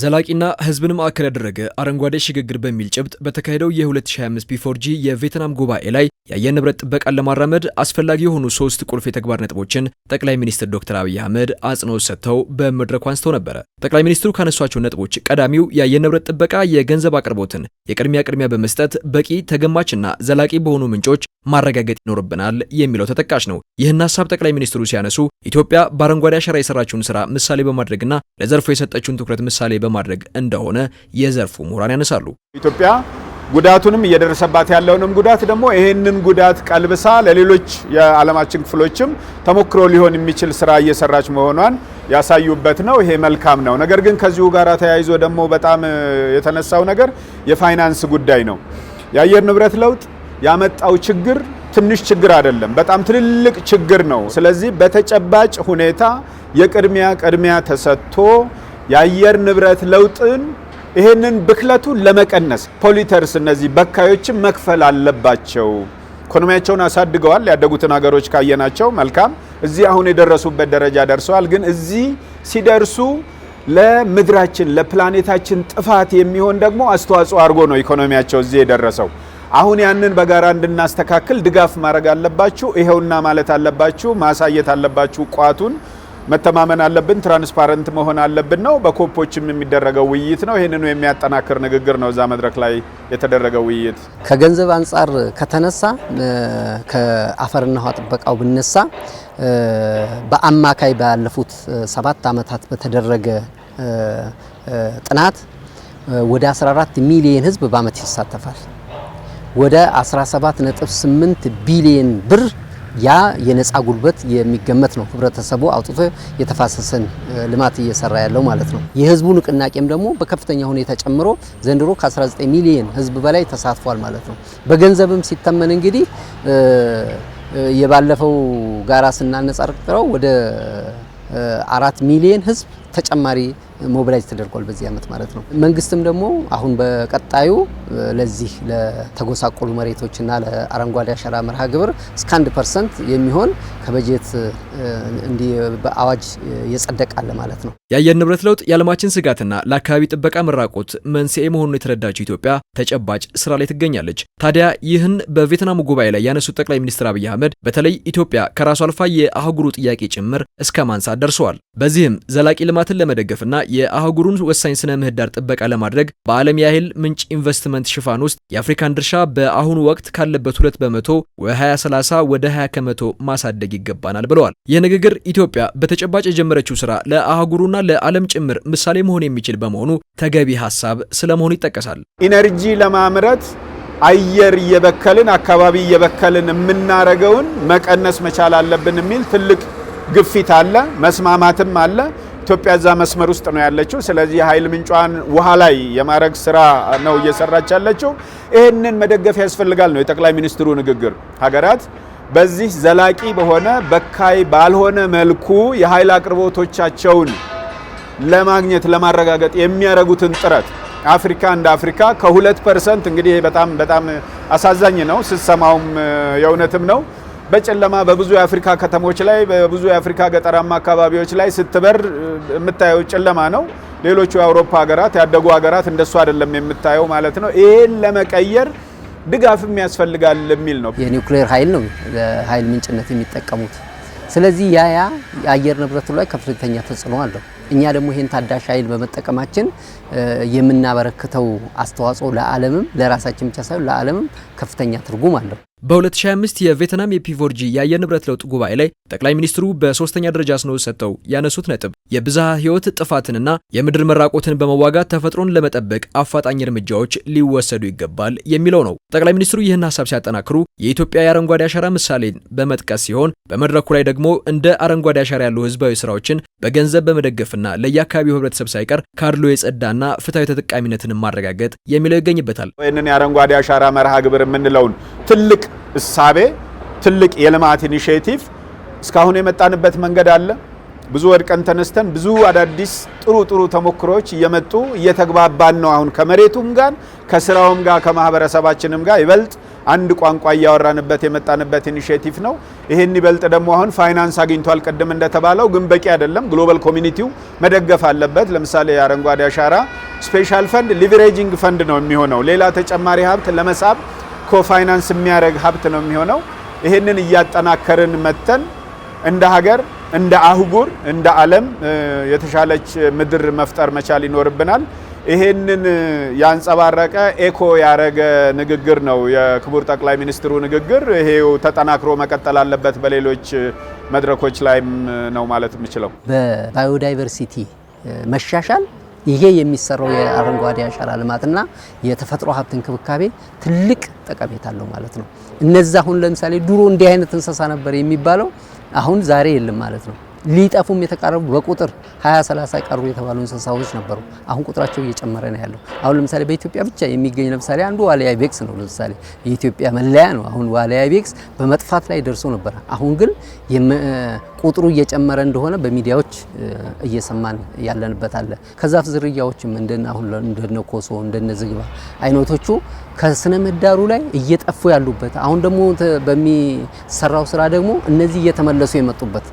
ዘላቂና ህዝብን ማዕከል ያደረገ አረንጓዴ ሽግግር በሚል ጭብጥ በተካሄደው የ2025 ፒ4ጂ የቬትናም ጉባኤ ላይ የአየር ንብረት ጥበቃን ለማራመድ አስፈላጊ የሆኑ ሶስት ቁልፍ የተግባር ነጥቦችን ጠቅላይ ሚኒስትር ዶክተር አብይ አህመድ አጽንኦት ሰጥተው በመድረኩ አንስተው ነበረ። ጠቅላይ ሚኒስትሩ ካነሷቸው ነጥቦች ቀዳሚው የአየር ንብረት ጥበቃ የገንዘብ አቅርቦትን የቅድሚያ ቅድሚያ በመስጠት በቂ ተገማችና ዘላቂ በሆኑ ምንጮች ማረጋገጥ ይኖርብናል የሚለው ተጠቃሽ ነው። ይህን ሀሳብ ጠቅላይ ሚኒስትሩ ሲያነሱ ኢትዮጵያ በአረንጓዴ አሻራ የሰራችውን ስራ ምሳሌ በማድረግና ለዘርፎ የሰጠችውን ትኩረት ምሳሌ በማድረግ እንደሆነ የዘርፉ ምሁራን ያነሳሉ። ኢትዮጵያ ጉዳቱንም እየደረሰባት ያለውንም ጉዳት ደግሞ ይህንን ጉዳት ቀልብሳ ለሌሎች የዓለማችን ክፍሎችም ተሞክሮ ሊሆን የሚችል ስራ እየሰራች መሆኗን ያሳዩበት ነው። ይሄ መልካም ነው። ነገር ግን ከዚሁ ጋር ተያይዞ ደግሞ በጣም የተነሳው ነገር የፋይናንስ ጉዳይ ነው። የአየር ንብረት ለውጥ ያመጣው ችግር ትንሽ ችግር አይደለም፣ በጣም ትልልቅ ችግር ነው። ስለዚህ በተጨባጭ ሁኔታ የቅድሚያ ቅድሚያ ተሰጥቶ የአየር ንብረት ለውጥን ይህንን ብክለቱን ለመቀነስ ፖሊተርስ እነዚህ በካዮችን መክፈል አለባቸው። ኢኮኖሚያቸውን አሳድገዋል። ያደጉትን ሀገሮች ካየናቸው መልካም፣ እዚህ አሁን የደረሱበት ደረጃ ደርሰዋል። ግን እዚህ ሲደርሱ ለምድራችን ለፕላኔታችን ጥፋት የሚሆን ደግሞ አስተዋጽኦ አድርጎ ነው ኢኮኖሚያቸው እዚህ የደረሰው። አሁን ያንን በጋራ እንድናስተካክል ድጋፍ ማድረግ አለባችሁ፣ ይሄውና ማለት አለባችሁ፣ ማሳየት አለባችሁ ቋቱን መተማመን አለብን፣ ትራንስፓረንት መሆን አለብን ነው። በኮፖችም የሚደረገው ውይይት ነው። ይህንኑ የሚያጠናክር ንግግር ነው እዛ መድረክ ላይ የተደረገው ውይይት። ከገንዘብ አንጻር ከተነሳ ከአፈርና ውሃ ጥበቃው ብነሳ በአማካይ ባለፉት ሰባት ዓመታት በተደረገ ጥናት ወደ 14 ሚሊየን ህዝብ በአመት ይሳተፋል። ወደ 17.8 ቢሊየን ብር ያ የነፃ ጉልበት የሚገመት ነው። ህብረተሰቡ አውጥቶ የተፋሰሰን ልማት እየሰራ ያለው ማለት ነው። የህዝቡ ንቅናቄም ደግሞ በከፍተኛ ሁኔታ ጨምሮ ዘንድሮ ከ19 ሚሊየን ህዝብ በላይ ተሳትፏል ማለት ነው። በገንዘብም ሲተመን እንግዲህ የባለፈው ጋራ ስናነጻጽረው ወደ አራት ሚሊየን ህዝብ ተጨማሪ ሞቢላይዝ ተደርጓል በዚህ ዓመት ማለት ነው። መንግስትም ደግሞ አሁን በቀጣዩ ለዚህ ለተጎሳቆሉ መሬቶችና ለአረንጓዴ አሻራ መርሃ ግብር እስከ አንድ ፐርሰንት የሚሆን ከበጀት በአዋጅ የጸደቃለ ማለት ነው። የአየር ንብረት ለውጥ የዓለማችን ስጋትና ለአካባቢ ጥበቃ መራቆት መንስኤ መሆኑን የተረዳችው ኢትዮጵያ ተጨባጭ ስራ ላይ ትገኛለች። ታዲያ ይህን በቬትናሙ ጉባኤ ላይ ያነሱት ጠቅላይ ሚኒስትር አብይ አህመድ በተለይ ኢትዮጵያ ከራሱ አልፋ የአህጉሩ ጥያቄ ጭምር እስከ ማንሳት ደርሰዋል። በዚህም ዘላቂ ልማትን ለመደገፍና የአህጉሩን ወሳኝ ስነ ምህዳር ጥበቃ ለማድረግ በዓለም የኃይል ምንጭ ኢንቨስትመንት ሽፋን ውስጥ የአፍሪካን ድርሻ በአሁኑ ወቅት ካለበት ሁለት በመቶ ወ2030 ወደ 20 ከመቶ ማሳደግ ይገባናል ብለዋል። ይህ ንግግር ኢትዮጵያ በተጨባጭ የጀመረችው ስራ ለአህጉሩና ለዓለም ጭምር ምሳሌ መሆን የሚችል በመሆኑ ተገቢ ሀሳብ ስለመሆኑ ይጠቀሳል። ኢነርጂ ለማምረት አየር እየበከልን አካባቢ እየበከልን የምናረገውን መቀነስ መቻል አለብን የሚል ትልቅ ግፊት አለ፣ መስማማትም አለ። ኢትዮጵያ እዛ መስመር ውስጥ ነው ያለችው። ስለዚህ የኃይል ምንጯን ውሃ ላይ የማድረግ ስራ ነው እየሰራች ያለችው። ይህንን መደገፍ ያስፈልጋል ነው የጠቅላይ ሚኒስትሩ ንግግር ሀገራት በዚህ ዘላቂ በሆነ በካይ ባልሆነ መልኩ የኃይል አቅርቦቶቻቸውን ለማግኘት ለማረጋገጥ የሚያደርጉትን ጥረት አፍሪካ እንደ አፍሪካ ከሁለት ፐርሰንት እንግዲህ በጣም በጣም አሳዛኝ ነው፣ ስትሰማውም የእውነትም ነው። በጨለማ በብዙ የአፍሪካ ከተሞች ላይ በብዙ የአፍሪካ ገጠራማ አካባቢዎች ላይ ስትበር የምታየው ጨለማ ነው። ሌሎቹ የአውሮፓ ሀገራት ያደጉ ሀገራት እንደሱ አይደለም የምታየው ማለት ነው። ይሄን ለመቀየር ድጋፍም ያስፈልጋል የሚል ነው። የኒውክሌር ኃይል ነው ለኃይል ምንጭነት የሚጠቀሙት። ስለዚህ ያ ያ የአየር ንብረቱ ላይ ከፍተኛ ተጽዕኖ አለው። እኛ ደግሞ ይህን ታዳሽ ኃይል በመጠቀማችን የምናበረክተው አስተዋጽኦ ለዓለምም ለራሳችን ብቻ ሳይሆን ለዓለምም ከፍተኛ ትርጉም አለው። በ2025 የቬትናም የፒቮርጂ የአየር ንብረት ለውጥ ጉባኤ ላይ ጠቅላይ ሚኒስትሩ በሶስተኛ ደረጃ አጽንኦት ሰጥተው ያነሱት ነጥብ የብዝሃ ሕይወት ጥፋትንና የምድር መራቆትን በመዋጋት ተፈጥሮን ለመጠበቅ አፋጣኝ እርምጃዎች ሊወሰዱ ይገባል የሚለው ነው። ጠቅላይ ሚኒስትሩ ይህን ሀሳብ ሲያጠናክሩ የኢትዮጵያ የአረንጓዴ አሻራ ምሳሌን በመጥቀስ ሲሆን በመድረኩ ላይ ደግሞ እንደ አረንጓዴ አሻራ ያሉ ህዝባዊ ስራዎችን በገንዘብ በመደገፍና ለየአካባቢው ህብረተሰብ ሳይቀር ካድሎ የጸዳና ፍትሐዊ ተጠቃሚነትን ማረጋገጥ የሚለው ይገኝበታል። ይህንን የአረንጓዴ አሻራ መርሃ ግብር የምንለውን ትልቅ እሳቤ ትልቅ የልማት ኢኒሽቲቭ እስካሁን የመጣንበት መንገድ አለ። ብዙ ወድቀን ተነስተን ብዙ አዳዲስ ጥሩ ጥሩ ተሞክሮዎች እየመጡ እየተግባባን ነው። አሁን ከመሬቱም ጋር ከስራውም ጋር ከማህበረሰባችንም ጋር ይበልጥ አንድ ቋንቋ እያወራንበት የመጣንበት ኢኒሽቲቭ ነው። ይህን ይበልጥ ደግሞ አሁን ፋይናንስ አግኝቷል። ቅድም እንደተባለው ግን በቂ አይደለም። ግሎባል ኮሚኒቲው መደገፍ አለበት። ለምሳሌ የአረንጓዴ አሻራ ስፔሻል ፈንድ ሊቨሬጂንግ ፈንድ ነው የሚሆነው ሌላ ተጨማሪ ሀብት ለመሳብ ኮፋይናንስ የሚያደርግ ሀብት ነው የሚሆነው። ይህንን እያጠናከርን መተን እንደ ሀገር፣ እንደ አህጉር፣ እንደ ዓለም የተሻለች ምድር መፍጠር መቻል ይኖርብናል። ይህንን ያንጸባረቀ ኤኮ ያደረገ ንግግር ነው የክቡር ጠቅላይ ሚኒስትሩ ንግግር። ይሄው ተጠናክሮ መቀጠል አለበት። በሌሎች መድረኮች ላይም ነው ማለት የምችለው በባዮዳይቨርሲቲ መሻሻል ይሄ የሚሰራው የአረንጓዴ አሻራ ልማትና የተፈጥሮ ሀብት እንክብካቤ ትልቅ ጠቀሜታ አለው ማለት ነው። እነዛ አሁን ለምሳሌ ድሮ እንዲህ አይነት እንስሳ ነበር የሚባለው፣ አሁን ዛሬ የለም ማለት ነው። ሊጠፉም የተቃረቡ በቁጥር 20 30 ቀሩ የተባሉ እንስሳዎች ነበሩ። አሁን ቁጥራቸው እየጨመረ ነው ያለው። አሁን ለምሳሌ በኢትዮጵያ ብቻ የሚገኝ ለምሳሌ አንዱ ዋልያ ቤክስ ነው። ለምሳሌ የኢትዮጵያ መለያ ነው። አሁን ዋልያ ቤክስ በመጥፋት ላይ ደርሶ ነበር። አሁን ግን ቁጥሩ እየጨመረ እንደሆነ በሚዲያዎች እየሰማን ያለንበት አለ። ከዛፍ ዝርያዎችም እንደነ አሁን እንደነ ኮሶ እንደነ ዝግባ አይነቶቹ ከስነ ምህዳሩ ላይ እየጠፉ ያሉበት አሁን ደግሞ በሚሰራው ስራ ደግሞ እነዚህ እየተመለሱ የመጡበት